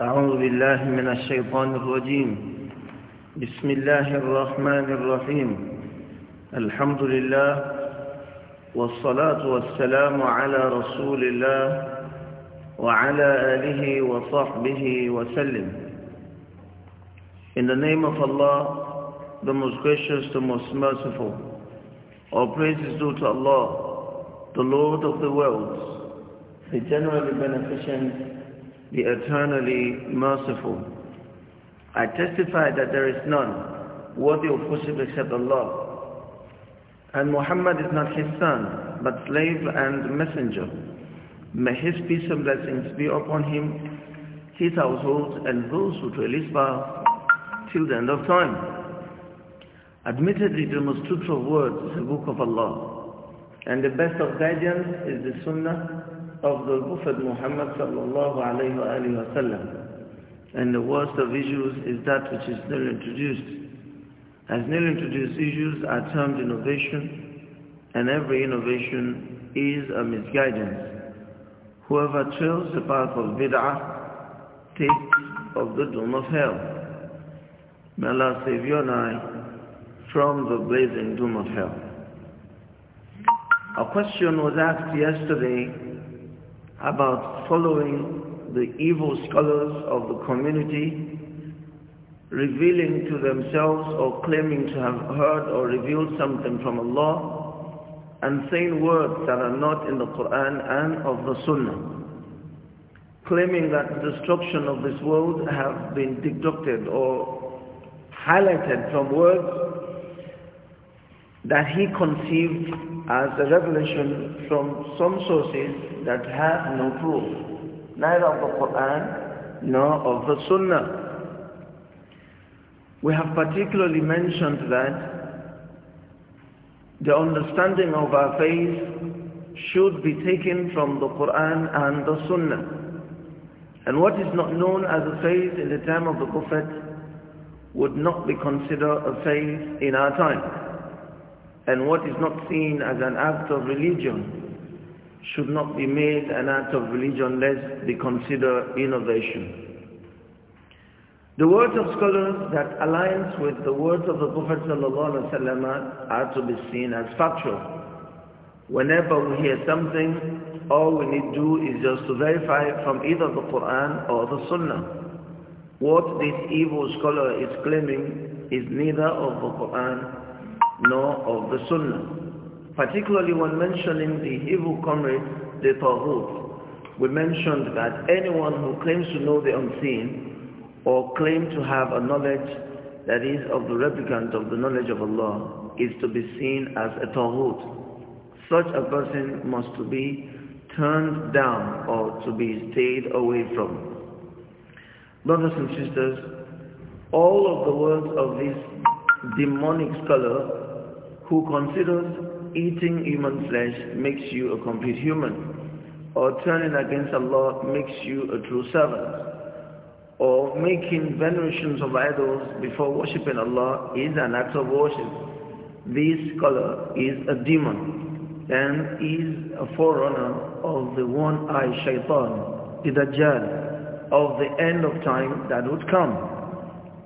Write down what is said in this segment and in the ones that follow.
أعوذ بالله من الشيطان الرجيم بسم الله الرحمن الرحيم الحمد لله والصلاة والسلام على رسول الله وعلى آله وصحبه وسلم In the name of Allah, the most gracious, the most merciful, all praise is due to Allah, the Lord of the worlds, the generally beneficent, the eternally merciful. I testify that there is none worthy of worship except Allah. And Muhammad is not his son, but slave and messenger. May his peace and blessings be upon him, his household, and those who dwell his path till the end of time. Admittedly, the most truthful words is the book of Allah. And the best of guidance is the Sunnah of the Prophet Muhammad sallallahu alayhi wa sallam. And the worst of issues is that which is newly introduced. As newly introduced issues are termed innovation, and every innovation is a misguidance. Whoever trails the path of bid'ah takes of the doom of hell. May Allah save you and I from the blazing doom of hell. A question was asked yesterday about following the evil scholars of the community, revealing to themselves or claiming to have heard or revealed something from Allah, and saying words that are not in the Quran and of the Sunnah claiming that the destruction of this world have been deducted or highlighted from words that he conceived as a revelation from some sources that have no proof, neither of the Quran nor of the Sunnah. We have particularly mentioned that the understanding of our faith should be taken from the Quran and the Sunnah. And what is not known as a faith in the time of the Prophet would not be considered a faith in our time and what is not seen as an act of religion should not be made an act of religion lest they consider innovation. The words of scholars that aligns with the words of the Prophet ﷺ are to be seen as factual. Whenever we hear something, all we need to do is just to verify from either the Quran or the Sunnah. What this evil scholar is claiming is neither of the Quran nor of the Sunnah, particularly when mentioning the evil comrade, the Tawhut. We mentioned that anyone who claims to know the unseen or claim to have a knowledge that is of the replicant of the knowledge of Allah is to be seen as a Tawhut. Such a person must to be turned down or to be stayed away from. Brothers and sisters, all of the words of this demonic scholar who considers eating human flesh makes you a complete human, or turning against Allah makes you a true servant, or making venerations of idols before worshipping Allah is an act of worship. This scholar is a demon and is a forerunner of the one-eyed shaitan, the Dajjal, of the end of time that would come.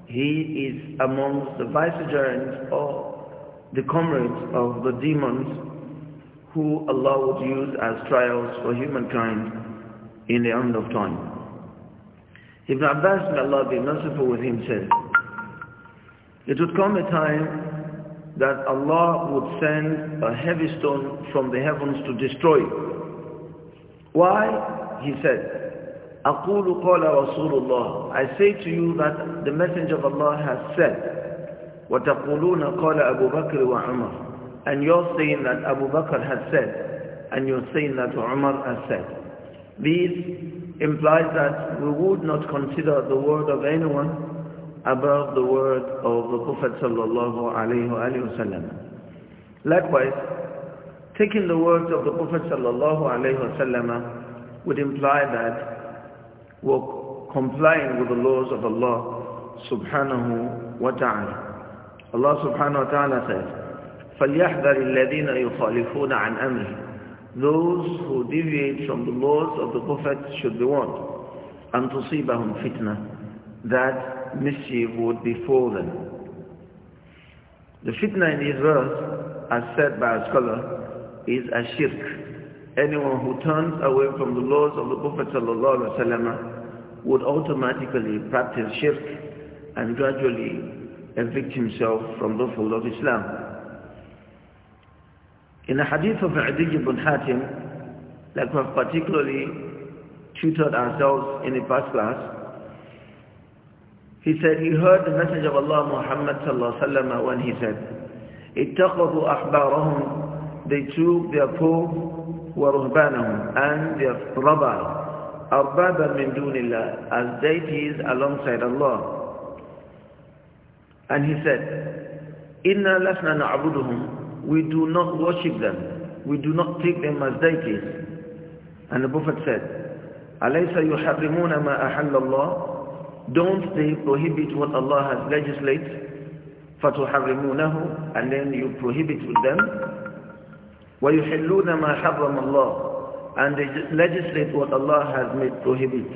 He is amongst the vicegerents of the comrades of the demons who Allah would use as trials for humankind in the end of time. Ibn Abbas, may Allah be merciful with him, said, It would come a time that Allah would send a heavy stone from the heavens to destroy. Why? He said, أقول قال رسول الله I say to you that the messenger of Allah has said وَتَقُولُونَ قَالَ أَبُو بَكْرِ وَعُمَرْ And you're saying that Abu Bakr has said, and you're saying that Umar has said. This implies that we would not consider the word of anyone above the word of the Prophet sallallahu alaihi wasallam. Likewise, taking the words of the Prophet sallallahu alaihi wasallam would imply that we're complying with the laws of Allah subhanahu wa ta'ala. Allah subhanahu wa ta'ala says, فَلْيَحْذَرِ الَّذِينَ يُخَالِفُونَ عَنْ أَمْرِهِ Those who deviate from the laws of the Prophet should be warned. أَنْ تُصِيبَهُمْ فِتْنَةً That mischief would befall them. The fitna in these verse, as said by a scholar, is a shirk. Anyone who turns away from the laws of the Prophet would automatically practice shirk and gradually evict himself from the fold of Islam. In the hadith of Adij ibn Hatim, that we have particularly tutored ourselves in the past class, he said he heard the message of Allah Muhammad when he said, "Ittaqahu ahbarahum." They took their pope wa and their rabbi, arbaban min dunillah, as deities alongside Allah. And he said, Inna lasna na'buduhum. We do not worship them. We do not take them as deities. And the Prophet said, Alaysa yuharrimuna ma ahalla Allah. Don't they prohibit what Allah has legislated? Fatuharrimunahu. And then you prohibit with them. وَيُحِلُّونَ مَا حَرَّمَ اللَّهُ And they legislate what Allah has made prohibit.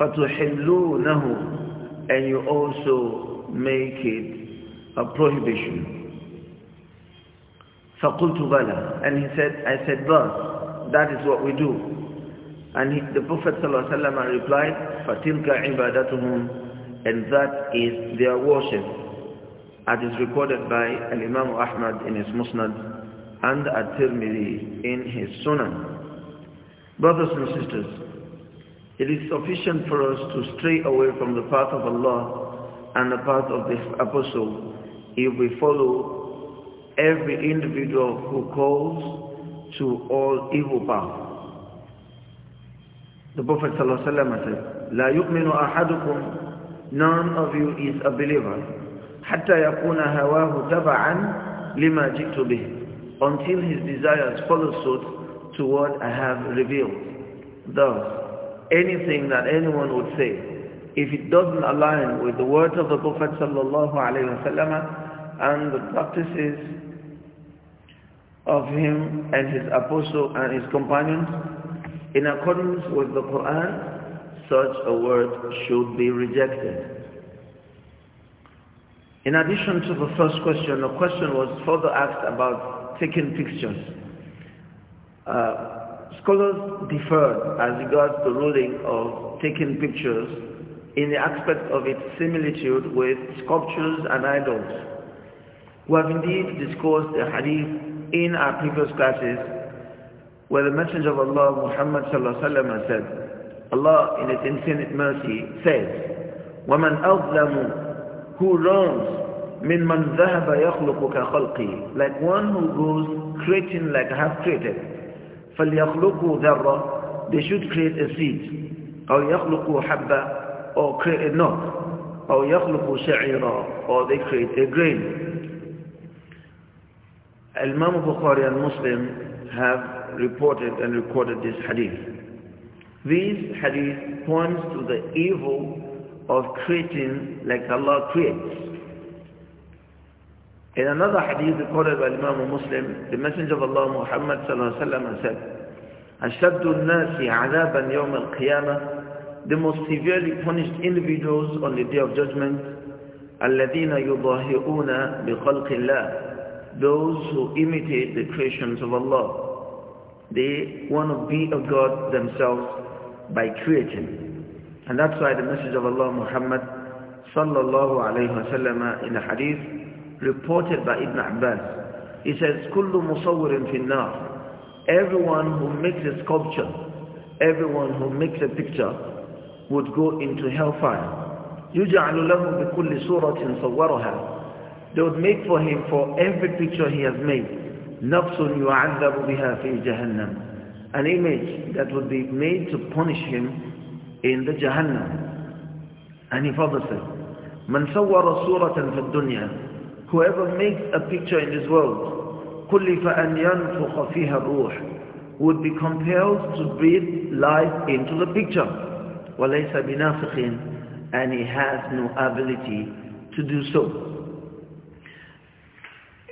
فَتُحِلُّونَهُ and you also make it a prohibition. فَقُلْتُ بَلَى And he said, I said, but that is what we do. And he, the Prophet ﷺ replied, فَتِلْكَ عِبَادَتُهُمْ And that is their worship. As is recorded by Al-Imam Ahmad in his Musnad and At-Tirmidhi in his Sunan. Brothers and sisters, it is sufficient for us to stray away from the path of Allah and the path of the Apostle if we follow every individual who calls to all evil power. The Prophet ﷺ said, لا يؤمن أحدكم None of you is a believer حتى يكون هواه تبعا lima جئت until his desires follow suit to what I have revealed. Thus, anything that anyone would say, if it doesn't align with the words of the Prophet sallallahu alaihi wasallam and the practices of him and his apostle and his companions, in accordance with the Quran, such a word should be rejected. In addition to the first question, the question was further asked about taking pictures. Uh, Scholars differed as regards the ruling of taking pictures in the aspect of its similitude with sculptures and idols. We have indeed discussed the hadith in our previous classes where the Messenger of Allah Muhammad said, Allah in His infinite mercy says, وَمَنْ أَظْلَمُ Who runs مِنْ مَنْ ذَهَبَ يَخْلُقُكَ خَلْقِي Like one who goes creating like I have created. فَلْيَخْلُقُوا ذَرَّةً They should create a seed. أَوْ يَخْلُقُوا حَبَّةً Or create a knot. أَوْ يَخْلُقُوا شعيرة Or they create a grain. Imam Bukhari and Muslim have reported and recorded this hadith. These hadith points to the evil of creating like Allah creates. In another hadith recorded by Imam Muslim, the Messenger of Allah Muhammad sallallahu alaihi wasallam said, أشد الناس عذابا يوم القيامة the most severely punished individuals on the day of judgment الذين يضاهئون بخلق الله those who imitate the creations of Allah they want to be a God themselves by creating and that's why the message of Allah Muhammad sallallahu alayhi wasallam, in the hadith reported by Ibn Abbas he says كل مصور في النار Everyone who makes a sculpture, everyone who makes a picture would go into hellfire. يجعل بكل صورها They would make for him for every picture he has made نفس يعذب بها في جهنم An image that would be made to punish him in the Jahannam. And he further said, من صور صورة في الدنيا Whoever makes a picture in this world كلف أن ينفخ فيها الروح would be compelled to breathe life into the picture وليس بنافخ and he has no ability to do so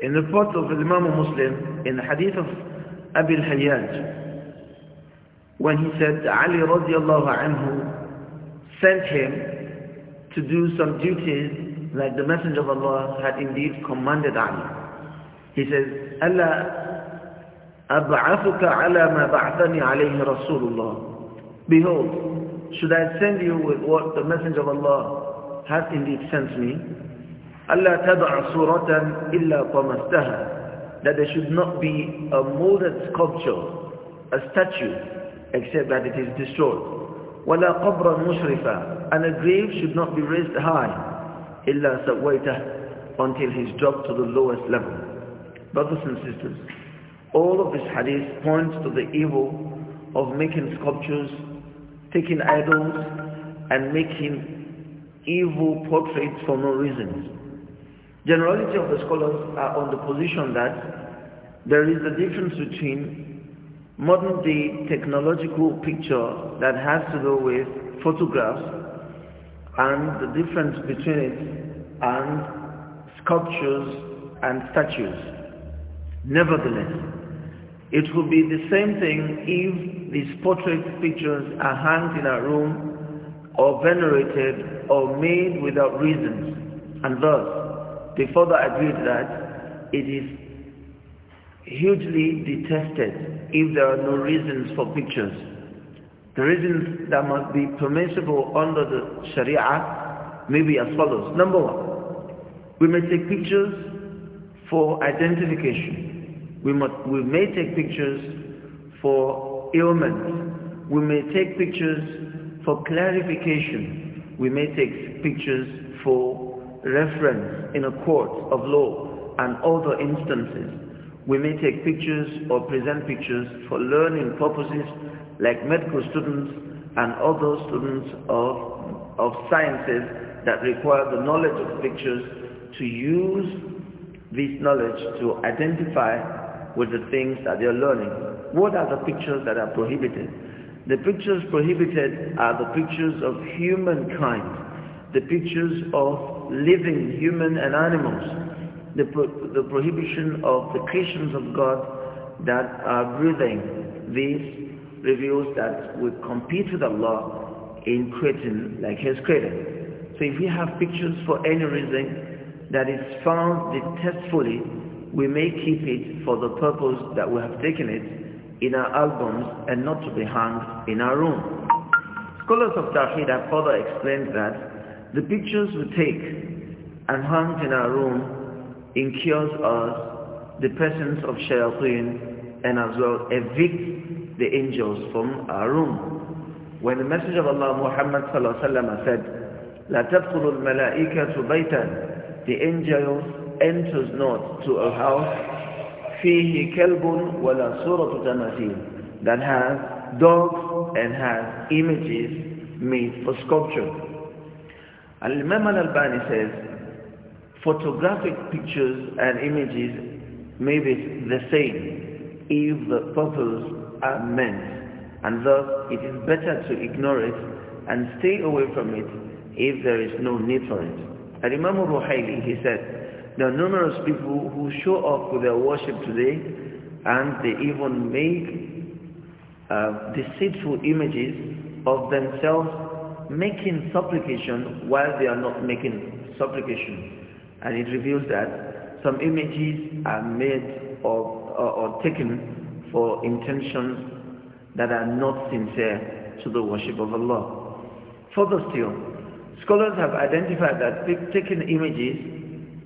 in the report of Imam Muslim in the hadith of Abi al-Hayyaj when he said Ali radiallahu anhu sent him to do some duties like the Messenger of Allah had indeed commanded Ali. He says, ألا أبعثك على ما بعثني عليه Rasulullah. Behold, should I send you with what the Messenger of Allah has indeed sent me? Allah تَدْعَ صُورَةً إِلَّا طَمَسْتَهَا That there should not be a molded sculpture, a statue, except that it is destroyed. وَلَا قَبْرًا مُشْرِفًا And a grave should not be raised high, إِلَّا سَوَّيْتَهُ Until he's dropped to the lowest level. Brothers and sisters, all of this hadith points to the evil of making sculptures, taking idols, and making evil portraits for no reason. Generality of the scholars are on the position that there is a difference between modern day technological picture that has to do with photographs and the difference between it and sculptures and statues. Nevertheless, it would be the same thing if these portrait pictures are hung in a room or venerated or made without reasons. And thus, the further agreed that it is hugely detested if there are no reasons for pictures. The reasons that must be permissible under the Sharia may be as follows. Number one, we may take pictures for identification. We, must, we may take pictures for ailments. We may take pictures for clarification. We may take pictures for reference in a court of law and other instances. We may take pictures or present pictures for learning purposes like medical students and other students of, of sciences that require the knowledge of pictures to use this knowledge to identify with the things that they are learning. What are the pictures that are prohibited? The pictures prohibited are the pictures of humankind, the pictures of living human and animals, the, pro the prohibition of the creations of God that are breathing. These reveals that we compete with Allah in creating like he's creating. So if we have pictures for any reason that is found detestfully we may keep it for the purpose that we have taken it in our albums and not to be hung in our room. Scholars of Tawheed have further explained that the pictures we take and hung in our room incurs us the presence of shayateen and as well evict the angels from our room. When the Messenger of Allah Muhammad said, لا تدخل الملائكة بيتا The angels enters not to a house fihi كلب ولا صورة تماثيل that has dogs and has images made for sculpture. Al-Imam al-Albani says photographic pictures and images may be the same if the purpose are meant and thus it is better to ignore it and stay away from it if there is no need for it. And Imam al-Ruhaili, he said, there are numerous people who show up for their worship today and they even make uh, deceitful images of themselves making supplication while they are not making supplication. And it reveals that some images are made or, or, or taken for intentions that are not sincere to the worship of Allah. Further still, scholars have identified that taking images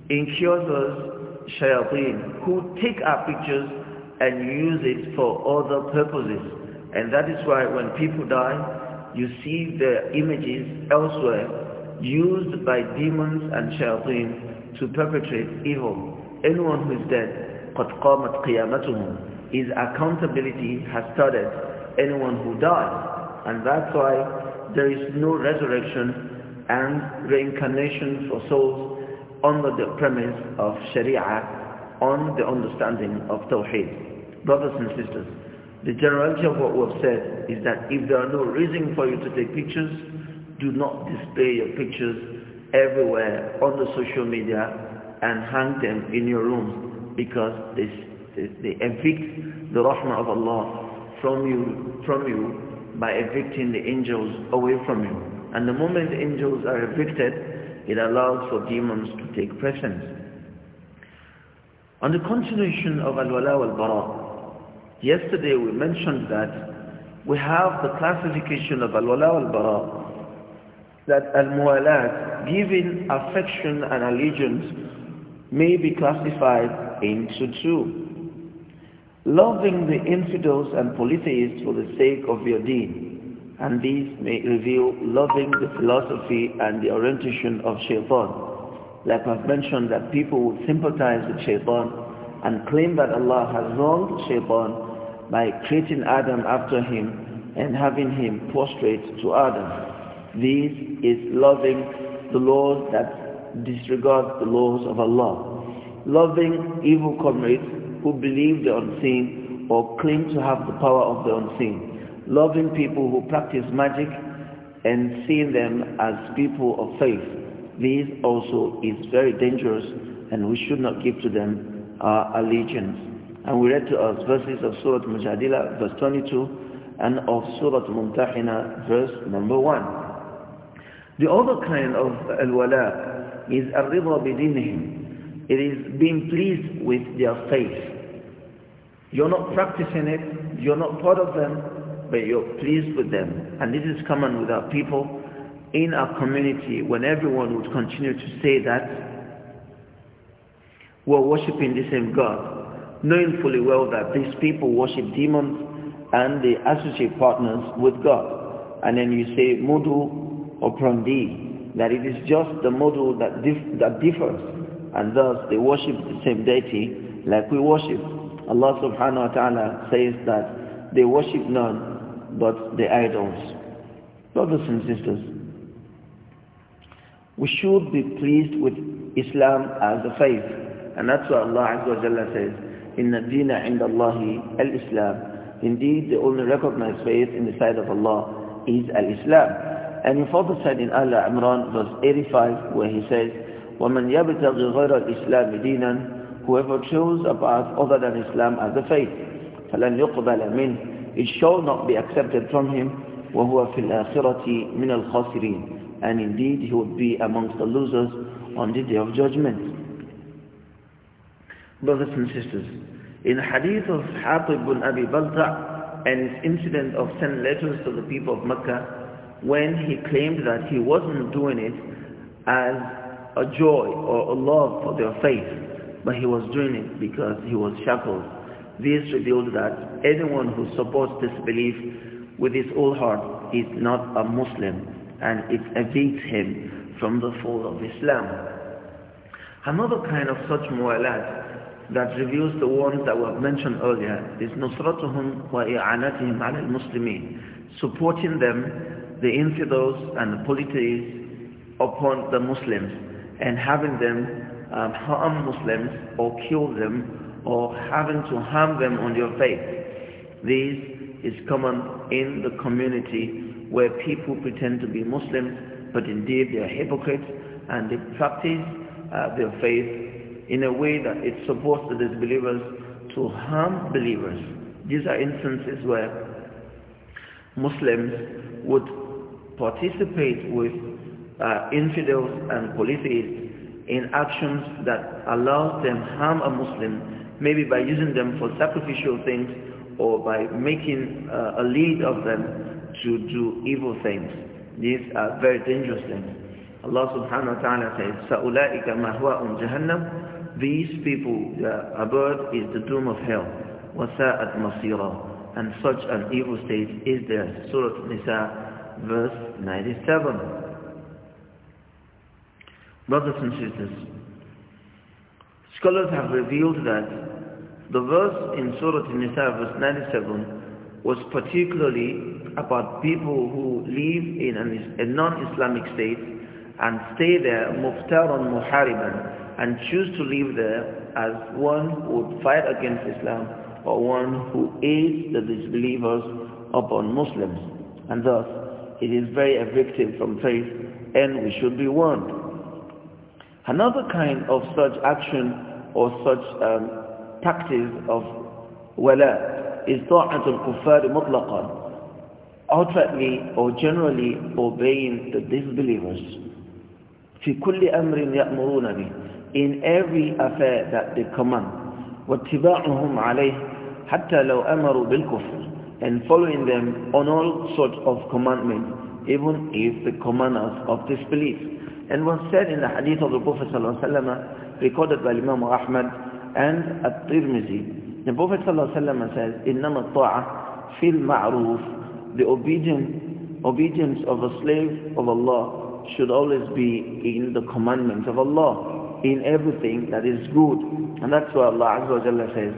incurs us shayateen who take our pictures and use it for other purposes. And that is why when people die, you see their images elsewhere used by demons and shayateen to perpetrate evil. Anyone who is dead, قَدْ قَامَتْ قِيَامَتُهُمْ His accountability has started anyone who dies. And that's why there is no resurrection and reincarnation for souls under the premise of Sharia on the understanding of Tawheed. Brothers and sisters, the generality of what we've said is that if there are no reason for you to take pictures, do not display your pictures everywhere on the social media and hang them in your rooms because they, they, they evict the rahmah of Allah from you, from you by evicting the angels away from you. And the moment the angels are evicted, it allows for demons to take precedence. On the continuation of Al-Wala al bara yesterday we mentioned that we have the classification of Al-Wala al bara that Al-Muwalat, giving affection and allegiance, may be classified into two. Loving the infidels and polytheists for the sake of your deen and these may reveal loving the philosophy and the orientation of shaitan. Like I've mentioned that people will sympathize with shaitan and claim that Allah has wronged shaitan by creating Adam after him and having him prostrate to Adam. This is loving the laws that disregard the laws of Allah. Loving evil comrades who believe the unseen or claim to have the power of the unseen loving people who practice magic and seeing them as people of faith. This also is very dangerous and we should not give to them our allegiance. And we read to us verses of Surah Mujadila, verse 22, and of Surah Mumtahina, verse number 1. The other kind of al-wala is al-rida bidinihim. It is being pleased with their faith. You're not practicing it, you're not part of them, May you're pleased with them. And this is common with our people in our community when everyone would continue to say that we're worshipping the same God, knowing fully well that these people worship demons and they associate partners with God. And then you say, modu or prandi that it is just the model that, dif that differs and thus they worship the same deity like we worship. Allah subhanahu wa ta'ala says that they worship none but the idols. Brothers and sisters, we should be pleased with Islam as a faith. And that's what Allah Azza wa Jalla says, إِنَّ الدِّينَ عِنْدَ اللَّهِ الْإِسْلام Indeed, the only recognized faith in the sight of Allah is al-Islam. And he further said in Allah Imran verse 85 where he says, وَمَنْ يَبْتَغِ غَيْرَ الْإِسْلَامِ دِينًا Whoever chose a path other than Islam as a faith, فَلَنْ يُقْبَلَ مِنْهُ it shall not be accepted from him وَهُوَ فِي الْآخِرَةِ مِنَ الْخَاسِرِينَ And indeed he would be amongst the losers on the day of judgment. Brothers and sisters, in the hadith of Hatib bin Abi Balta and his incident of sending letters to the people of Mecca, when he claimed that he wasn't doing it as a joy or a love for their faith, but he was doing it because he was shackled. This revealed that anyone who supports this belief with his whole heart is not a Muslim and it evades him from the fold of Islam. Another kind of such mu'alat that reveals the ones that were mentioned earlier is nusratuhum wa i'anatihim ala al-muslimin supporting them, the infidels and the polytheists upon the Muslims and having them um, harm Muslims or kill them or having to harm them on your faith. This is common in the community where people pretend to be Muslims, but indeed they are hypocrites and they practice uh, their faith in a way that it supports the disbelievers to harm believers. These are instances where Muslims would participate with uh, infidels and polytheists in actions that allow them harm a Muslim, maybe by using them for sacrificial things or by making uh, a lead of them to do evil things. These are very dangerous things. Allah subhanahu wa ta'ala says, فَأُولَٰئِكَ مَهْوَاءٌ جَهَنَّمُ These people, their abode is the doom of hell. وَسَاءَتْ مَصِيرًا And such an evil state is there. Surah Nisa, verse 97. Brothers and sisters, scholars have revealed that the verse in Surah An-Nisa verse 97 was particularly about people who live in a non-Islamic state and stay there muftaran muhariban and choose to live there as one who would fight against Islam or one who aids the disbelievers upon Muslims. And thus, it is very evictive from faith and we should be warned. Another kind of such action or such um, practice of wala is al kuffar mutlaqan, outwardly or generally obeying the disbelievers. في كل أمر يأمرون in every affair that they command واتباعهم عليه حتى لو bil بالكفر and following them on all sorts of commandments even if the commanders of disbelief and was said in the hadith of the Prophet wasallam recorded by Imam Ahmad and At-Tirmizi. The Prophet ﷺ says, إِنَّمَا الطَّاعَةِ فِي الْمَعْرُوفِ The obedience, obedience of a slave of Allah should always be in the commandments of Allah, in everything that is good. And that's why Allah Azza wa Jalla says,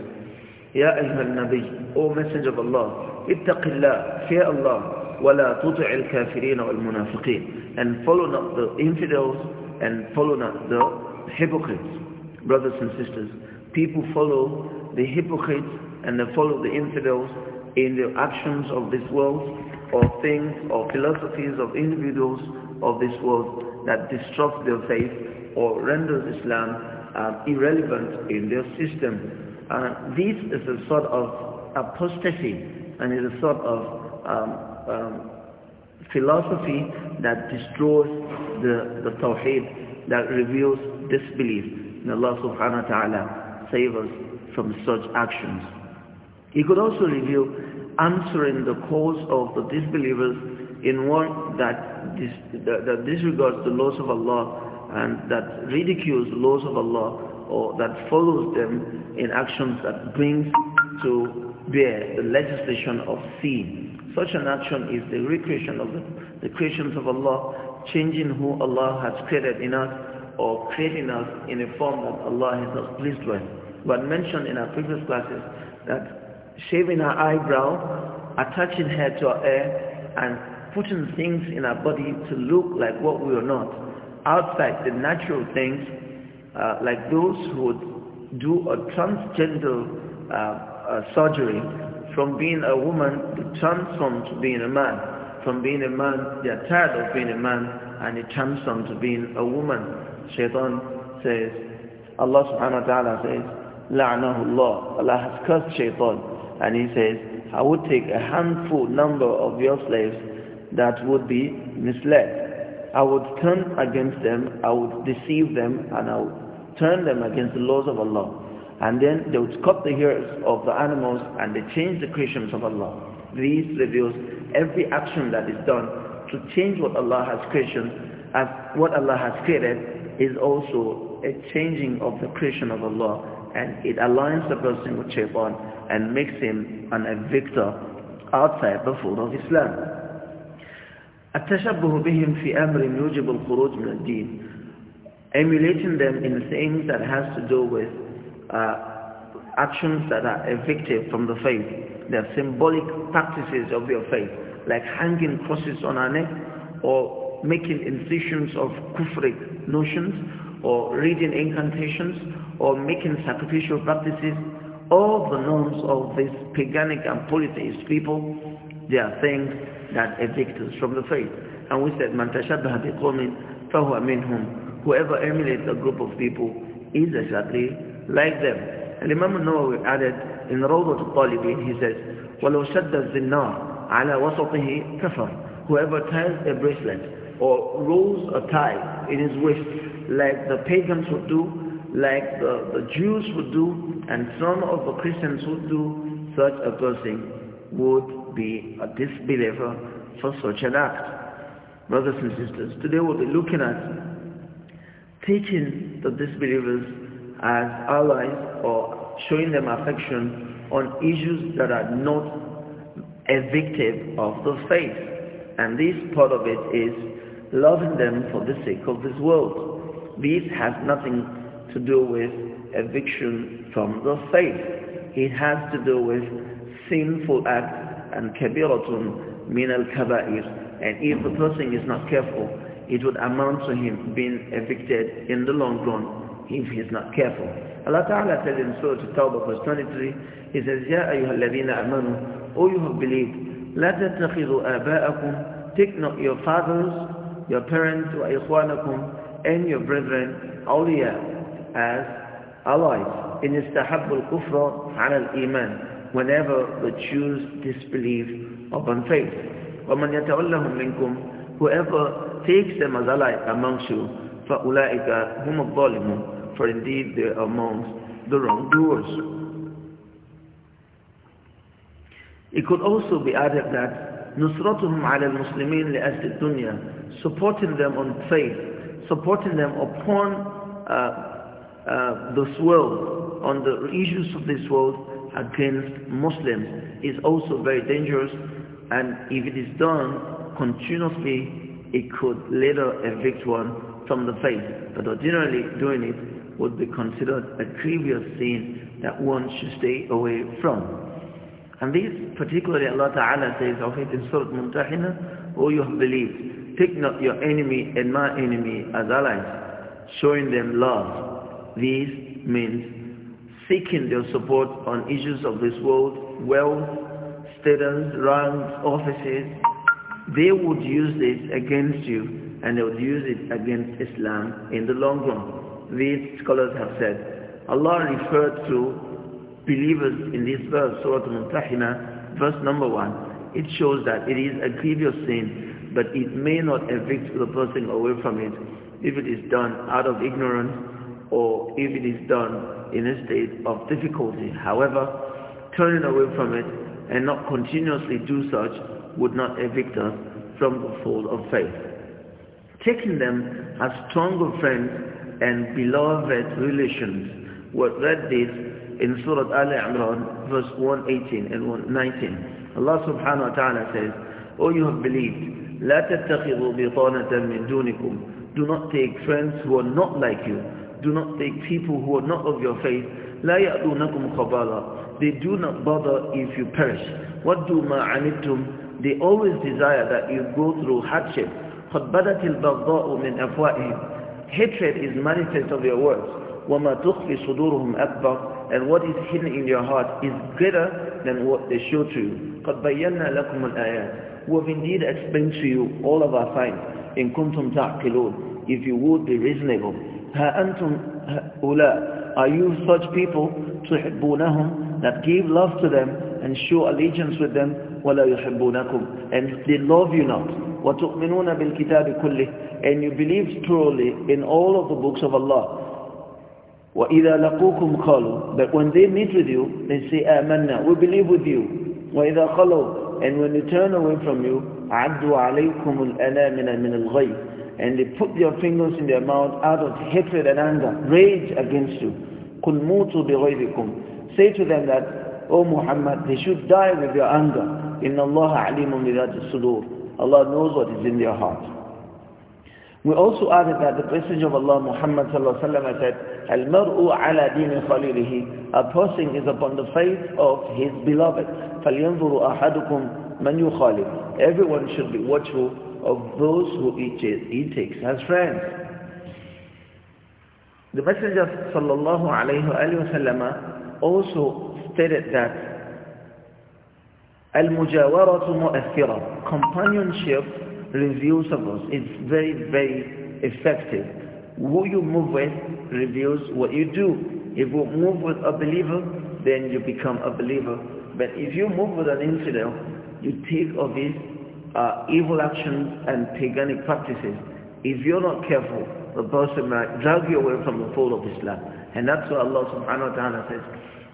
يَا أَيْهَا النَّبِيِّ O Messenger of Allah, اتَّقِ اللَّهِ Fear Allah, وَلَا تُطِعِ الْكَافِرِينَ وَالْمُنَافِقِينَ And follow not the infidels and follow not the hypocrites, brothers and sisters people follow the hypocrites and they follow the infidels in the actions of this world or things or philosophies of individuals of this world that disrupt their faith or renders Islam uh, irrelevant in their system. Uh, this is a sort of apostasy and is a sort of um, um, philosophy that destroys the, the tawheed, that reveals disbelief in Allah subhanahu wa ta'ala save us from such actions. He could also reveal answering the calls of the disbelievers in work that, dis that disregards the laws of Allah and that ridicules the laws of Allah or that follows them in actions that brings to bear the legislation of sin. Such an action is the recreation of the, the creations of Allah, changing who Allah has created in us or creating us in a form that Allah is not pleased with. We mentioned in our previous classes that shaving her eyebrow, attaching hair to her hair, and putting things in her body to look like what we are not, outside the natural things, uh, like those who would do a transgender uh, uh, surgery, from being a woman, to transform to being a man. From being a man, they are tired of being a man, and they transform to being a woman. Shaitan says, Allah subhanahu wa ta'ala says, La'nahullah. Allah has cursed Shaitan. And he says, I would take a handful number of your slaves that would be misled. I would turn against them, I would deceive them, and I would turn them against the laws of Allah. And then they would cut the ears of the animals and they change the creations of Allah. These reveals every action that is done to change what Allah has created as what Allah has created is also a changing of the creation of Allah and it aligns the person with shaitan and makes him an a victor outside the fold of Islam. التشبه بهم في أمر يوجب الخروج من الدين emulating them in things that has to do with uh, actions that are evicted from the faith they are symbolic practices of your faith like hanging crosses on our neck or making incisions of kufrik notions or reading incantations or making sacrificial practices, all the norms of these paganic and polytheist people, they are things that evict us from the faith. And we said, Man tashabbaha biqawmin fahuwa minhum. Whoever emulates a group of people is exactly like them. And Imam Nawawi added in Rawdat al-Talibin, he says, وَلَوْ شَدَّ الزِّنَّارِ عَلَى وَسَطِهِ كَفَرٍ Whoever ties a bracelet or rose a tie in his waist like the pagans would do, like the, the Jews would do, and some of the Christians would do, such a person would be a disbeliever for such an act. Brothers and sisters, today we'll be looking at teaching the disbelievers as allies or showing them affection on issues that are not evictive of the faith. And this part of it is loving them for the sake of this world. This has nothing to do with eviction from the faith. It has to do with sinful acts and kabiratun min al-kaba'ir. And if the person is not careful, it would amount to him being evicted in the long run if he is not careful. Allah Ta'ala says in Surah Tawbah verse 23, He says, "Ya أَيُّهَا الَّذِينَ آمَنُوا O you have believed, لَا تَتَّخِذُوا آبَاءَكُمْ Take not your fathers your parents, wa ikhwanakum, and your brethren, awliya, as allies. In istahabbul kufra ala al-iman, whenever the Jews disbelieve unfaith faith. وَمَنْ يَتَوَلَّهُمْ مِنْكُمْ Whoever takes them as allies amongst you, فَأُولَٰئِكَ هُمُ الظَّالِمُونَ For indeed they are amongst the wrongdoers. It could also be added that Nusratuhum al-Muslimin li'asli Supporting them on faith. Supporting them upon uh, uh, this world, on the issues of this world against Muslims is also very dangerous and if it is done continuously it could later evict one from the faith. But ordinarily doing it would be considered a grievous sin that one should stay away from. And these, particularly Allah Ta'ala says of it in Surah Mumtahina, O you have believed, take not your enemy and my enemy as allies, showing them love. This means seeking their support on issues of this world, wealth, status, ranks, offices. They would use this against you and they would use it against Islam in the long run. These scholars have said, Allah referred to believers in this verse, Surah Al-Mumtahina, verse number one, it shows that it is a grievous sin, but it may not evict the person away from it if it is done out of ignorance or if it is done in a state of difficulty. However, turning away from it and not continuously do such would not evict us from the fold of faith. Taking them as stronger friends and beloved relations, what that this in Surah Al Imran, verse 118 and 119. Allah subhanahu wa ta'ala says, O you have believed, لا تتخذوا بطانة من دونكم. Do not take friends who are not like you. Do not take people who are not of your faith. لا يأذونكم خبالا. They do not bother if you perish. What do مَا عَنِتُّمْ They always desire that you go through hardship. قَدْ بَدَتِ الْبَغْضَاءُ مِنْ أفواههم Hatred is manifest of your words. وَمَا تُخْفِي صُدُورُهُمْ أَكْبَرُ and what is hidden in your heart is greater than what they show to you. قَدْ بَيَّنَّا لَكُمُ الْآيَاتِ We have indeed explained to you all of our signs. إِن كُنْتُمْ تَعْقِلُونَ If you would be reasonable. هَا أَنْتُمْ أُولَىٰ Are you such people تُحِبُّونَهُمْ that give love to them and show allegiance with them وَلَا يُحِبُّونَكُمْ And they love you not. وتؤمنون بالكتاب كله and you believe truly in all of the books of Allah وَإِذَا لَقُوكُمْ قَالُوا But when they meet with you, they say, آمَنَّا We believe with you. وَإِذَا خَلَوْا And when they turn away from you, عَدُّوا عَلَيْكُمُ الْأَلَامِنَ مِنَ الْغَيْبِ And they put their fingers in their mouth out of hatred and anger, rage against you. قُلْ مُوتُوا بِغَيْبِكُمْ Say to them that, O Muhammad, they should die with their anger. إِنَّ اللَّهَ عَلِيمٌ بِذَاتِ الصُّدُورِ Allah knows what is in their heart. We also added that the message of Allah Muhammad said, Al-mar'u ala dini khalilihi. A person is upon the faith of his beloved. فَلْيَنْظُرُ أَحَدُكُمْ مَنْ يُخَالِفُ Everyone should be watchful of those who he takes as friends. The Messenger sallallahu alayhi wa also stated that Al-mujawaratu mu'athira. Companionship reviews of us. It's very, very effective. Who you move with reveals what you do. If you move with a believer, then you become a believer. But if you move with an infidel, you take of his uh, evil actions and paganic practices. If you're not careful, the person might drag you away from the fold of Islam. And that's what Allah subhanahu wa ta'ala says.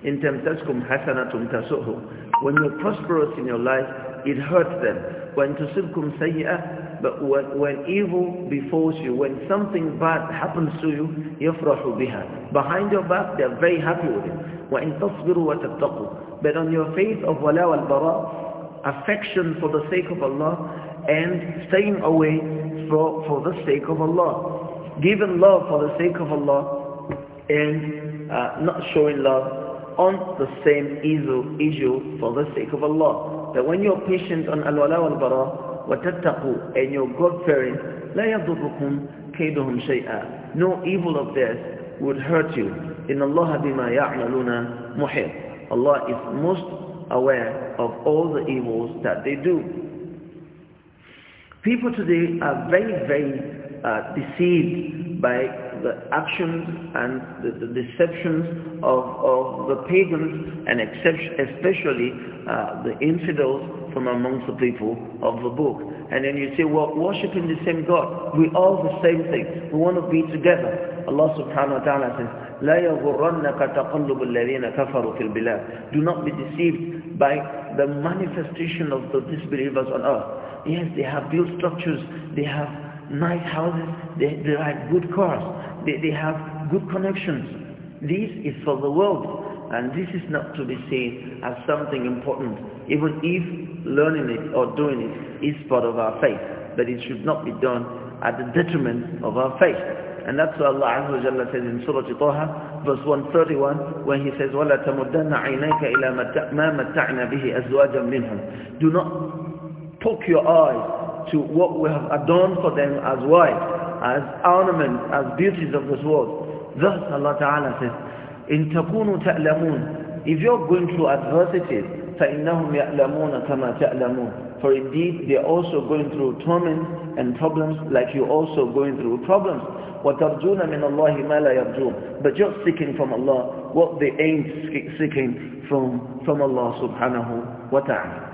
In tasukum hasanatum tasuhu. When you're prosperous in your life, it hurts them. When tusibkum sayya, but when, when evil befalls you, when something bad happens to you, yafrahu biha. Behind your back, they are very happy with it. وَإِن تَصْبِرُوا وَتَتَّقُوا But on your face of wala wal bara, affection for the sake of Allah, and staying away for, for the sake of Allah. Giving love for the sake of Allah, and uh, not showing love on the same issue, issue for the sake of Allah that when you're patient on al-wala wal-bara, وَتَتَّقُوا and you're God-fearing, لَا يَضُرُّكُمْ كَيْدُهُمْ شَيْئًا No evil of theirs would hurt you. إِنَّ اللَّهَ بِمَا يَعْمَلُونَ مُحِيطٌ Allah is most aware of all the evils that they do. People today are very, very uh, deceived by the actions and the, the deceptions of, of the pagans and especially uh, the infidels from amongst the people of the book. And then you say, well, worshipping the same God, we all the same thing. We want to be together. Allah subhanahu wa ta'ala says, لا يغرنك تقلب الذين كفروا في البلاد. Do not be deceived by the manifestation of the disbelievers on earth. Yes, they have built structures. They have nice houses, they, they have good cars, they, they have good connections. This is for the world. And this is not to be seen as something important, even if learning it or doing it is part of our faith. But it should not be done at the detriment of our faith. And that's what Allah Azza wa Jalla says in Surah Taha, verse 131, when He says, وَلَا تَمُدَّنَّ عَيْنَيْكَ إِلَى مَا مَتَّعْنَا بِهِ أَزْوَاجًا مِّنْهُمْ Do not poke your eyes to what we have adorned for them as wives, as ornaments, as beauties of this world. Thus Allah Ta'ala says, إِن تَكُونُوا تَأْلَمُونَ If you're going through adversities, فَإِنَّهُمْ يَأْلَمُونَ كَمَا تَأْلَمُونَ For indeed, they're also going through torment and problems like you're also going through problems. وَتَرْجُونَ مِنَ اللَّهِ مَا لَا يَرْجُونَ But you're seeking from Allah what they ain't seeking from, from Allah subhanahu wa ta'ala.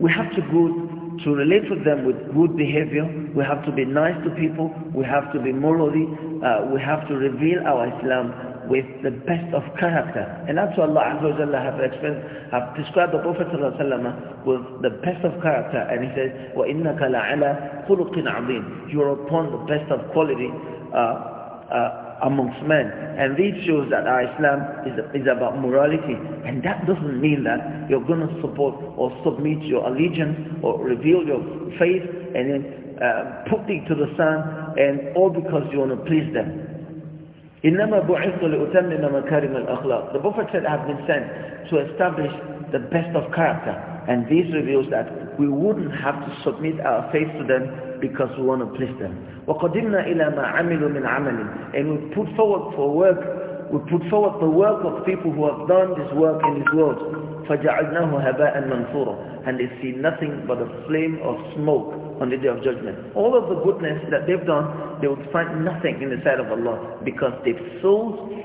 We have to go to relate with them with good behavior. We have to be nice to people. We have to be morally. Uh, we have to reveal our Islam with the best of character. And that's what Allah Azza wa Jalla have, explained, have described the Prophet ﷺ with the best of character. And he says, وَإِنَّكَ لَعَلَى خُلُقٍ عَظِيمٍ You are upon the best of quality. Uh, uh, amongst men. And this shows that our Islam is, is about morality. And that doesn't mean that you're going to support or submit your allegiance or reveal your faith and then uh, put it to the sun and all because you want to please them. The Prophet said, I have been sent to establish the best of character. And this reveals that we wouldn't have to submit our faith to them because we want to please them. وَقَدِمْنَا إِلَى مَا عَمِلُوا مِنْ عَمَلٍ And we put forward for work, we put forward the work of people who have done this work in this world. فَجَعَلْنَاهُ هَبَاءً مَنْثُورًا And they see nothing but a flame of smoke on the day of judgment. All of the goodness that they've done, they would find nothing in the sight of Allah because they've sold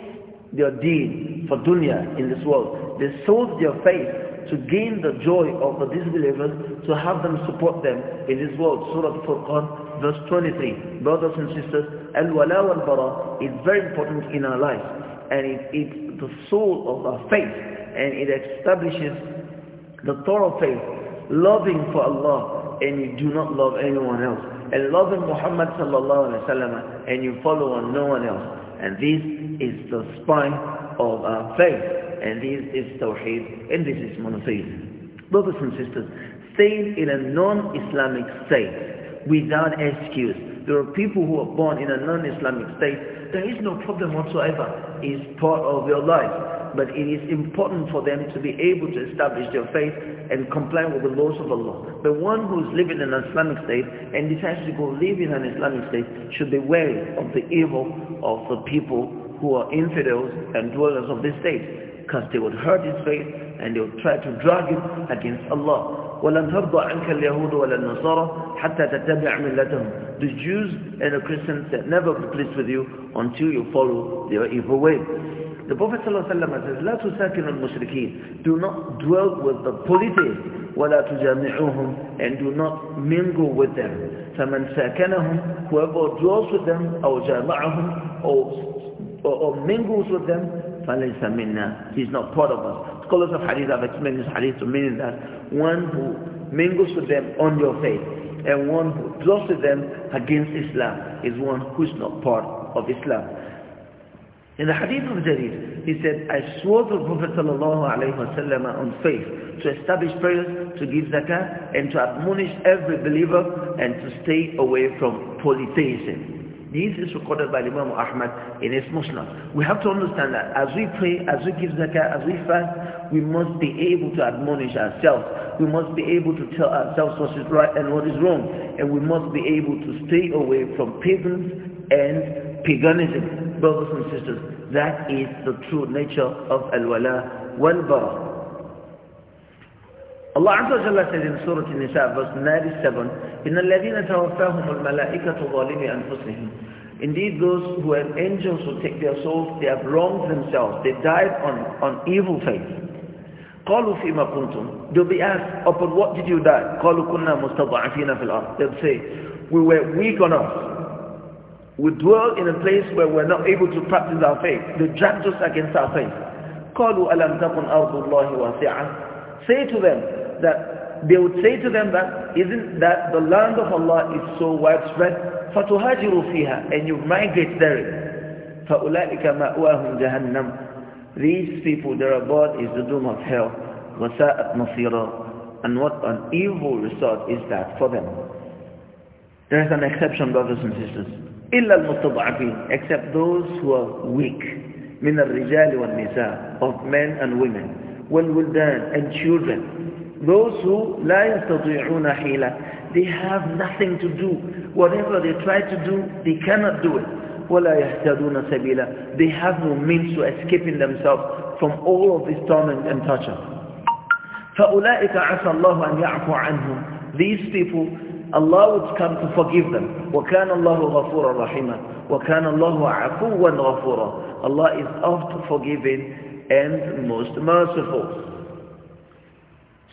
their deed for dunya in this world. They sold their faith to gain the joy of the disbelievers, to have them support them in this world. Surah Furqan, verse 23. Brothers and sisters, al-wala wal-bara is very important in our life, And it, it's the soul of our faith. And it establishes the thorough faith, loving for Allah, and you do not love anyone else. And loving Muhammad sallallahu alaihi wasallam, and you follow on no one else. And this is the spine of our faith and this is Tawheed, and this is monotheism. Brothers and sisters, staying in a non-Islamic state without excuse. There are people who are born in a non-Islamic state. There is no problem whatsoever. It's part of your life. But it is important for them to be able to establish their faith and comply with the laws of Allah. The one who is living in an Islamic state and decides to go live in an Islamic state should be wary of the evil of the people who are infidels and dwellers of this state because they would hurt his faith and they would try to drag him against Allah. وَلَنْ تَرْضَ عَنْكَ الْيَهُودُ وَلَا النَّصَارَى حَتَّى تَتَّبِعْ مِلَّتَهُم The Jews and the Christians that never be pleased with you until you follow their evil way. The Prophet ﷺ says, لَا تُسَاكِنُ الْمُشْرِكِينَ Do not dwell with the polytheists وَلَا تُجَامِعُهُمْ And do not mingle with them. فَمَنْ سَاكَنَهُمْ Whoever dwells with them أو جَامَعَهُمْ or, or, or mingles with them He's not part of us. Scholars of hadith have explained this hadith to meaning that one who mingles with them on your faith and one who draws with them against Islam is one who's not part of Islam. In the hadith of Jarir, he said, I swore to the Prophet wasallam on faith to establish prayers, to give zakah, and to admonish every believer and to stay away from polytheism. This is recorded by Imam Ahmad in his Muslim. We have to understand that as we pray, as we give zakah, as we fast, we must be able to admonish ourselves. We must be able to tell ourselves what is right and what is wrong. And we must be able to stay away from pagans and paganism. Brothers and sisters, that is the true nature of al-wala wal-bara. Allah Azza wa says in Surah An-Nisa verse 97, إِنَّ الَّذِينَ تَوَفَّاهُمْ الْمَلَائِكَةُ ظَالِمِي أَنفُسِهِمْ Indeed, those who have angels who take their souls, they have wronged themselves. They died on, on evil faith. قَالُوا فِي مَا كُنْتُمْ They'll be asked, upon what did you die? قَالُوا كُنَّا مُسْتَضْعَفِينَ فِي الْأَرْضِ They'll say, we were weak on earth. We dwell in a place where we're not able to practice our faith. They dragged us against our faith. قَالُوا أَلَمْ تَكُنْ أَرْضُ اللَّهِ وَاسِعَةً Say to them, that they would say to them that isn't that the land of Allah is so widespread فَتُهَاجِرُوا فِيهَا and you migrate therein فَأُولَٰئِكَ مَأْوَاهُمْ جَهَنَّمْ These people, their abode is the doom of hell وَسَاءَتْ مَصِيرًا and what an evil result is that for them. There is an exception brothers and sisters إِلَّا الْمُسْتَضْعَفِينَ except those who are weak مِنَ الرِّجَالِ وَالنِّسَاءِ of men and women والولدان and children those who لا يستطيعون حيلة They have nothing to do. Whatever they try to do, they cannot do it. ولا يهتدون سبيلا They have no means to escaping themselves from all of this torment and torture. فأولئك عسى الله أن يعفو عنهم These people, Allah would come to forgive them. وكان الله غفورا رحيما وكان الله عفوا غفورا Allah is oft forgiving and most merciful.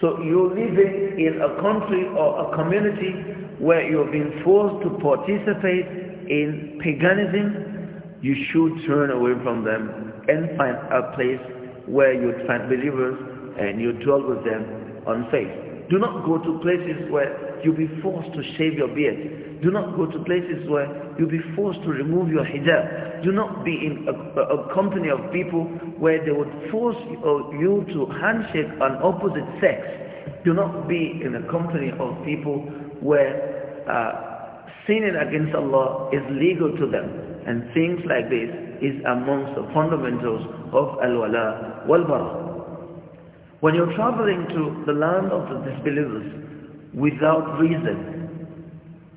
So you're living in a country or a community where you're being forced to participate in paganism, you should turn away from them and find a place where you find believers and you dwell with them on faith. Do not go to places where you'll be forced to shave your beard. Do not go to places where you'll be forced to remove your hijab. Do not be in a, a company of people where they would force you to handshake an opposite sex. Do not be in the company of people where uh, sinning against Allah is legal to them. And things like this is amongst the fundamentals of al-wala wal-bara. When you're traveling to the land of the disbelievers without reason,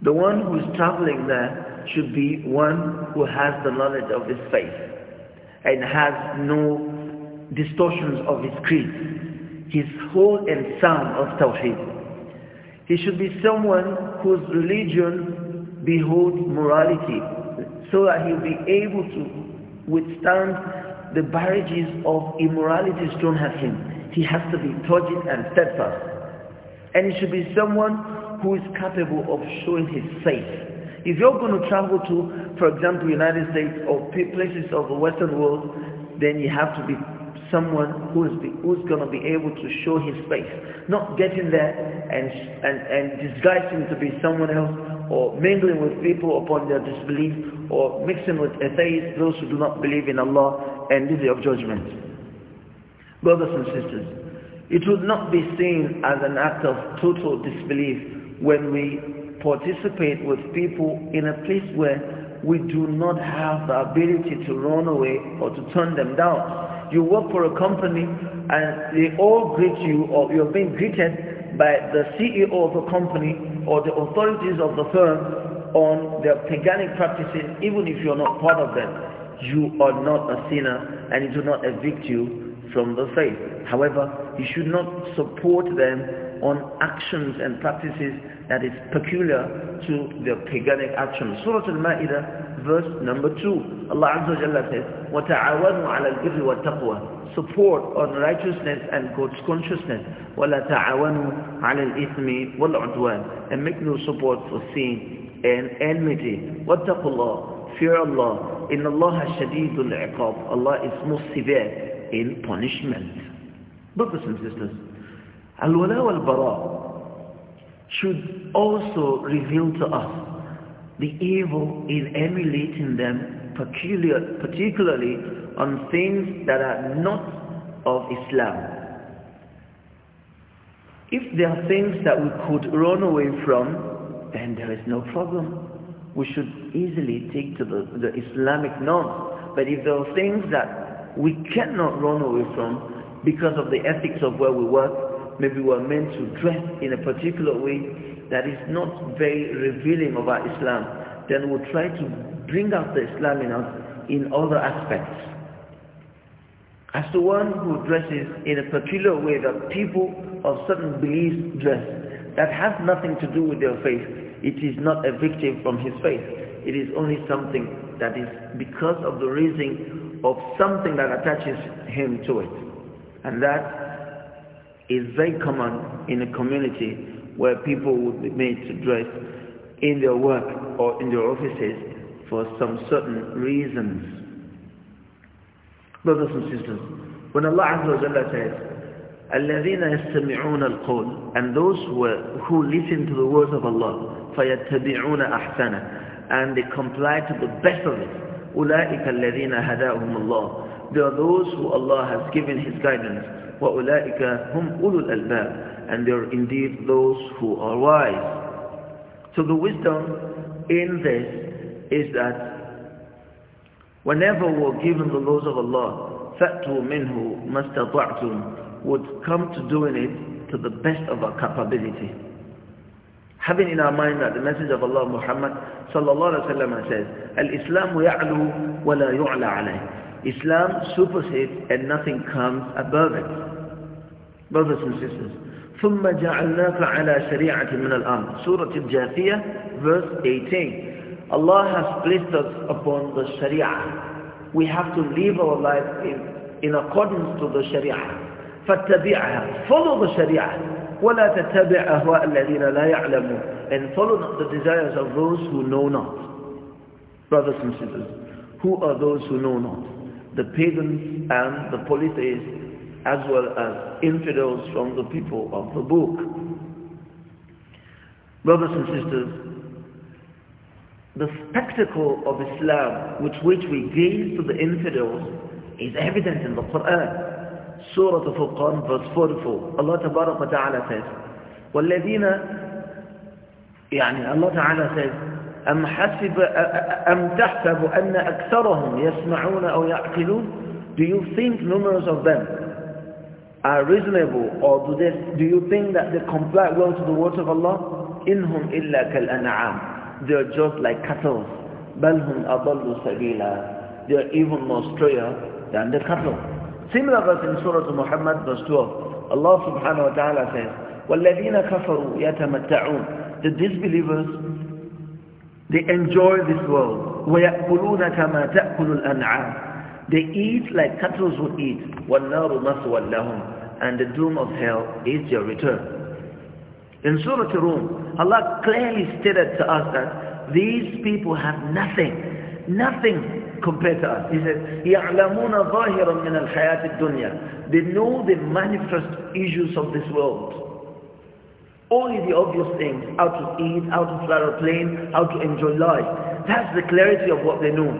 the one who is traveling there should be one who has the knowledge of his faith and has no distortions of his creed. He's whole and sound of Tawheed. He should be someone whose religion beholds morality so that he'll be able to withstand the barrages of immorality thrown at him. He has to be turgid and steadfast. And he should be someone who is capable of showing his faith if you're going to travel to, for example, United States or places of the Western world, then you have to be someone who's, be, who's going to be able to show his face. Not getting there and, and, and disguising to be someone else or mingling with people upon their disbelief or mixing with atheists, those who do not believe in Allah and the day of judgment. Brothers and sisters, it would not be seen as an act of total disbelief when we participate with people in a place where we do not have the ability to run away or to turn them down. You work for a company and they all greet you or you're being greeted by the CEO of the company or the authorities of the firm on their paganic practices even if you're not part of them. You are not a sinner and it do not evict you from the faith. However, you should not support them on actions and practices that is peculiar to the paganic action. Surah Al-Ma'idah, verse number 2. Allah Azza wa Jalla says, وَتَعَوَنُوا عَلَى الْبِرِّ وَالتَّقْوَى Support on righteousness and God's consciousness. وَلَا تَعَوَنُوا عَلَى الْإِثْمِ وَالْعُدْوَانِ And make no support for sin and enmity. وَاتَّقُوا اللَّهِ Fear Allah. إِنَّ اللَّهَ شَدِيدُ الْعِقَابِ Allah is most severe in punishment. Brothers and sisters, al-wala wal should also reveal to us the evil in emulating them peculiar, particularly on things that are not of Islam. If there are things that we could run away from, then there is no problem. We should easily take to the, the Islamic norms. But if there are things that we cannot run away from because of the ethics of where we work, maybe we're meant to dress in a particular way that is not very revealing of our Islam, then we'll try to bring out the Islam in us in other aspects. As the one who dresses in a particular way that people of certain beliefs dress, that has nothing to do with their faith, it is not a victim from his faith. It is only something that is because of the reason of something that attaches him to it. And that is very common in a community where people would be made to dress in their work or in their offices for some certain reasons. Brothers and sisters, when Allah says, الَّذِينَ يَسْتَمِعُونَ الْقَوْلِ And those who listen to the words of Allah, فَيَتَّبِعُونَ أَحْسَنَ And they comply to the best of it. أُولَٰئِكَ الَّذِينَ هَدَاهُمُ اللَّهِ They are those who Allah has given His guidance. وَأُولَٰئِكَ هُمْ أُولُو الْأَلْبَابِ And they are indeed those who are wise. So the wisdom in this is that whenever we're given the laws of Allah, فَأْتُوا مِنْهُ مَسْتَطَعْتُمْ would come to doing it to the best of our capability. Having in our mind that the message of Allah Muhammad sallallahu alaihi wasallam says, "Al-Islam ya'lu wa la yu'la alayh." Islam supersedes and nothing comes above it. Brothers and sisters, ثم جعلناك على شريعة من الْأَمْرِ Surah Al-Jathiyah verse 18 Allah has placed us upon the Sharia We have to live our life in, in accordance to the Sharia فاتبعها Follow the Sharia ولا تتبع أهواء الذين لا يعلمون And follow not the desires of those who know not Brothers and sisters, who are those who know not? the pagans and the polytheists as well as infidels from the people of the book. Brothers and sisters, the spectacle of Islam with which we gaze to the infidels is evident in the Quran. Surah Al-Furqan verse 44. Allah Ta'ala says, وَالَّذِينَ يعني Allah Ta'ala says, أم, حسب أم تحسب أن أكثرهم يسمعون أو يعقلون Do you think numerous of them are reasonable or do, they, do you think that they comply well to the words of Allah? إنهم إلا كالأنعام They are just like cattle. بل هم أضل سبيلا They are even more strayer than the cattle. Similar verse in Surah Muhammad verse 12. Allah subhanahu wa ta'ala says, وَالَّذِينَ كَفَرُوا يَتَمَتَّعُونَ The disbelievers they enjoy this world. وَيَأْكُلُونَ كَمَا تَأْكُلُ الْأَنْعَامِ They eat like cattle would eat. وَالنَّارُ لَهُمْ And the doom of hell is their return. In Surah Rum, Allah clearly stated to us that these people have nothing, nothing compared to us. He said, يَعْلَمُونَ ظَاهِرًا مِنَ الْحَيَاةِ الدُّنْيَا They know the manifest issues of this world. Only the obvious things, how to eat, how to fly a plane, how to enjoy life. That's the clarity of what they know.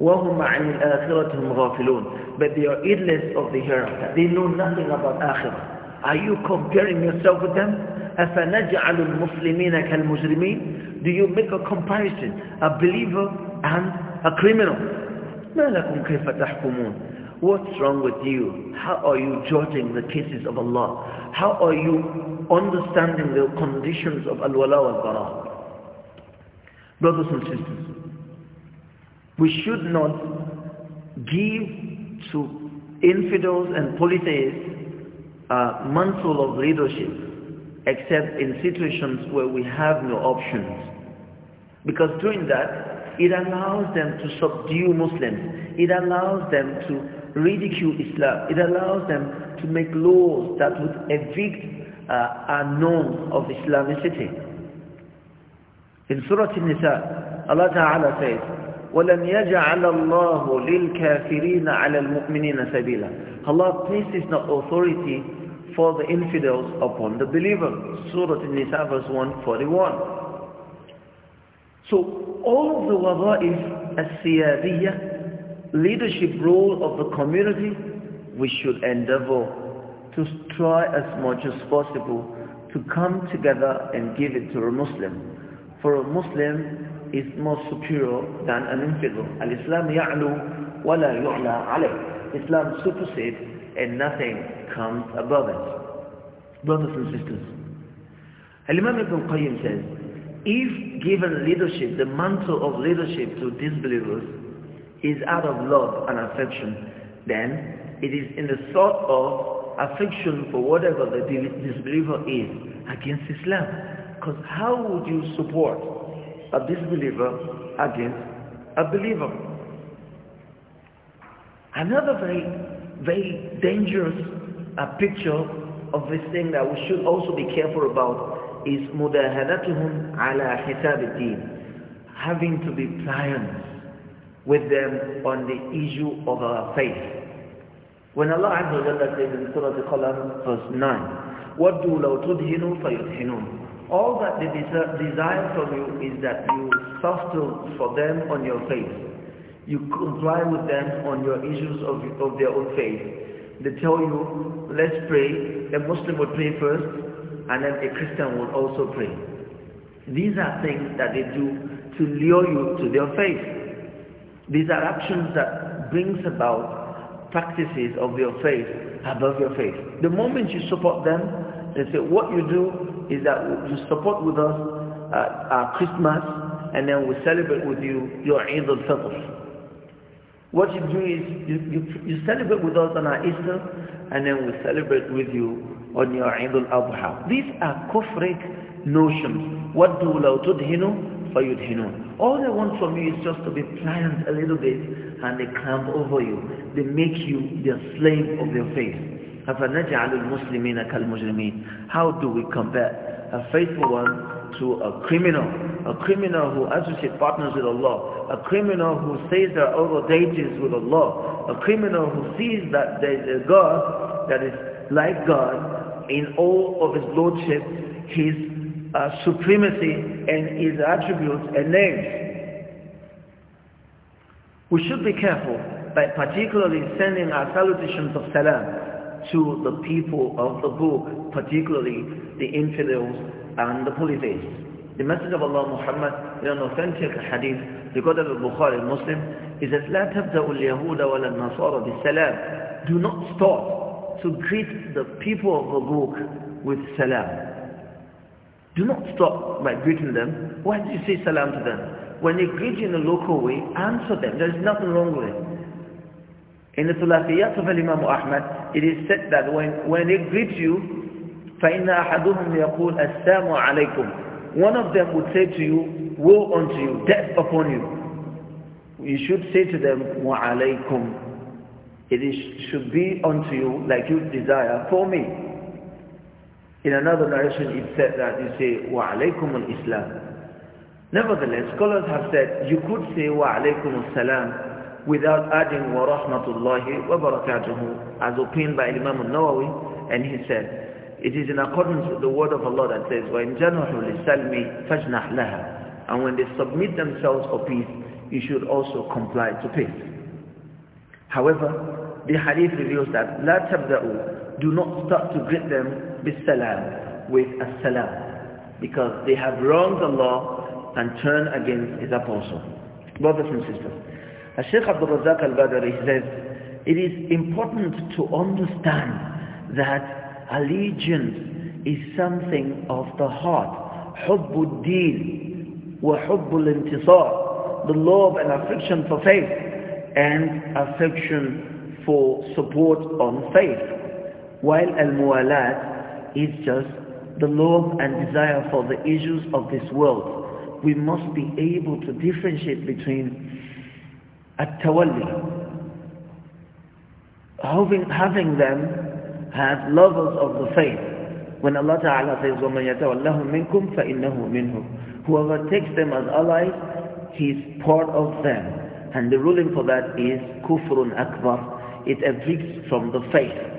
وهم عن الآخرة هم but they are idlers of the hereafter they know nothing about akhirah. are you comparing yourself with them أفنجعل المسلمين كالمجرمين do you make a comparison a believer and a criminal ما لكم كيف تحكمون what's wrong with you how are you judging the cases of Allah how are you understanding the conditions of al-wala wal-bara. Brothers and sisters, we should not give to infidels and polytheists a mantle of leadership except in situations where we have no options. Because doing that, it allows them to subdue Muslims. It allows them to ridicule Islam. It allows them to make laws that would evict uh, are known of Islamicity. In Surah An-Nisa, Allah Ta'ala says, وَلَمْ يَجْعَلَ اللَّهُ لِلْكَافِرِينَ عَلَى الْمُؤْمِنِينَ سَبِيلًا Allah places not authority for the infidels upon the believer. Surah An-Nisa verse 141. So all the wada'if as-siyadiyah, leadership role of the community, we should endeavor to try as much as possible to come together and give it to a Muslim. For a Muslim is more superior than an infidel. Al-Islam ya'lu wa la yu'la alayh. Islam supersedes and nothing comes above it. Brothers and sisters, Al-Imam Ibn Qayyim says, if given leadership, the mantle of leadership to disbelievers is out of love and affection, then it is in the sort of affection for whatever the disbeliever is against Islam. Because how would you support a disbeliever against a believer? Another very, very dangerous uh, picture of this thing that we should also be careful about is mudahanatuhum ala hisab having to be pliant with them on the issue of our faith. When Allah Azza wa Jalla says in Surah Al-Qalam, verse 9, وَدُّوا لَوْ تُدْهِنُوا فَيُدْهِنُونَ All that they desire from you is that you suffer for them on your faith. You comply with them on your issues of, of their own faith. They tell you, let's pray. A Muslim will pray first, and then a Christian will also pray. These are things that they do to lure you to their faith. These are actions that brings about practices of your faith above your faith. The moment you support them, they say, what you do is that you support with us uh, our Christmas and then we celebrate with you your Eid al-Fitr. What you do is you, you, you, celebrate with us on our Easter and then we celebrate with you on your Eid al-Adha. These are kufric notions. What do لو تدهنوا فَيُدْهِنُونَ All they want from you is just to be pliant a little bit and they clamp over you. They make you their slave of their faith. الْمُسْلِمِينَ كَالْمُجْرِمِينَ How do we compare a faithful one to a criminal? A criminal who associates partners with Allah. A criminal who says there are other with Allah. A criminal who sees that there is a God that is like God in all of his lordship, his uh, supremacy, and his attributes and names. We should be careful by particularly sending our salutations of salam to the people of the book, particularly the infidels and the polytheists. The message of Allah Muhammad in an authentic hadith recorded by Bukhari Muslim is that لا تبدأ اليهود ولا النصارى بالسلام. Do not start to greet the people of the book with salam. Do not stop by greeting them. Why do you say salam to them? When they greet you in a local way, answer them. There is nothing wrong with it. In the Thulathiyat of Imam Ahmad, it is said that when, when they greet you, فَإِنَّ أَحَدُهُمْ يَقُولُ أَسَّامُ عَلَيْكُمْ One of them would say to you, Woe unto you, death upon you. You should say to them, وَعَلَيْكُمْ It is, should be unto you like you desire for me. In another narration it said that you say, Wa alaykum al-Islam. Nevertheless, scholars have said you could say Wa alaykum al-Salam without adding Wa rahmatullahi wa barakatuhu as opined by Imam al-Nawawi and he said, it is in accordance with the word of Allah that says, وَإِنْ جَنُحُوا لِسَلْمِ فَجْنَحْ لَهَا And when they submit themselves for peace, you should also comply to peace. However, the hadith reveals that لَا تَبْدَأُوا do not start to greet them salam, with a salam, because they have wronged Allah and turned against His apostle. Brothers and sisters, as Sheikh Abdul Razak al-Badr says, it is important to understand that allegiance is something of the heart. حب الدين وحب الانتصار. The love and affection for faith and affection for support on faith while al-muwalat is just the love and desire for the issues of this world. We must be able to differentiate between at-tawalli, having, having them as lovers of the faith. When Allah Ta'ala says, وَمَنْ يَتَوَلَّهُ مِنْكُمْ فَإِنَّهُ مِنْهُ Whoever takes them as allies, he's part of them. And the ruling for that is kufrun akbar. It evicts from the faith.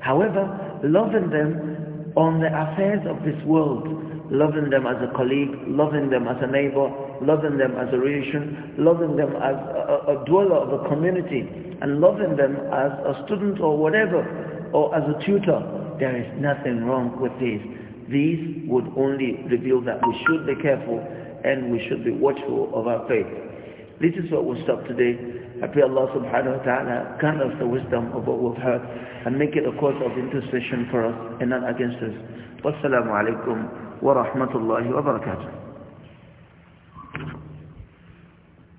However, loving them on the affairs of this world, loving them as a colleague, loving them as a neighbor, loving them as a relation, loving them as a, a, dweller of a community, and loving them as a student or whatever, or as a tutor, there is nothing wrong with these. These would only reveal that we should be careful and we should be watchful of our faith. This is what we'll stop today. I pray Allah subhanahu wa ta'ala grant us the wisdom of what we've heard and make it a cause of intercession for us and not against us. Wassalamu alaikum wa rahmatullahi wa barakatuh.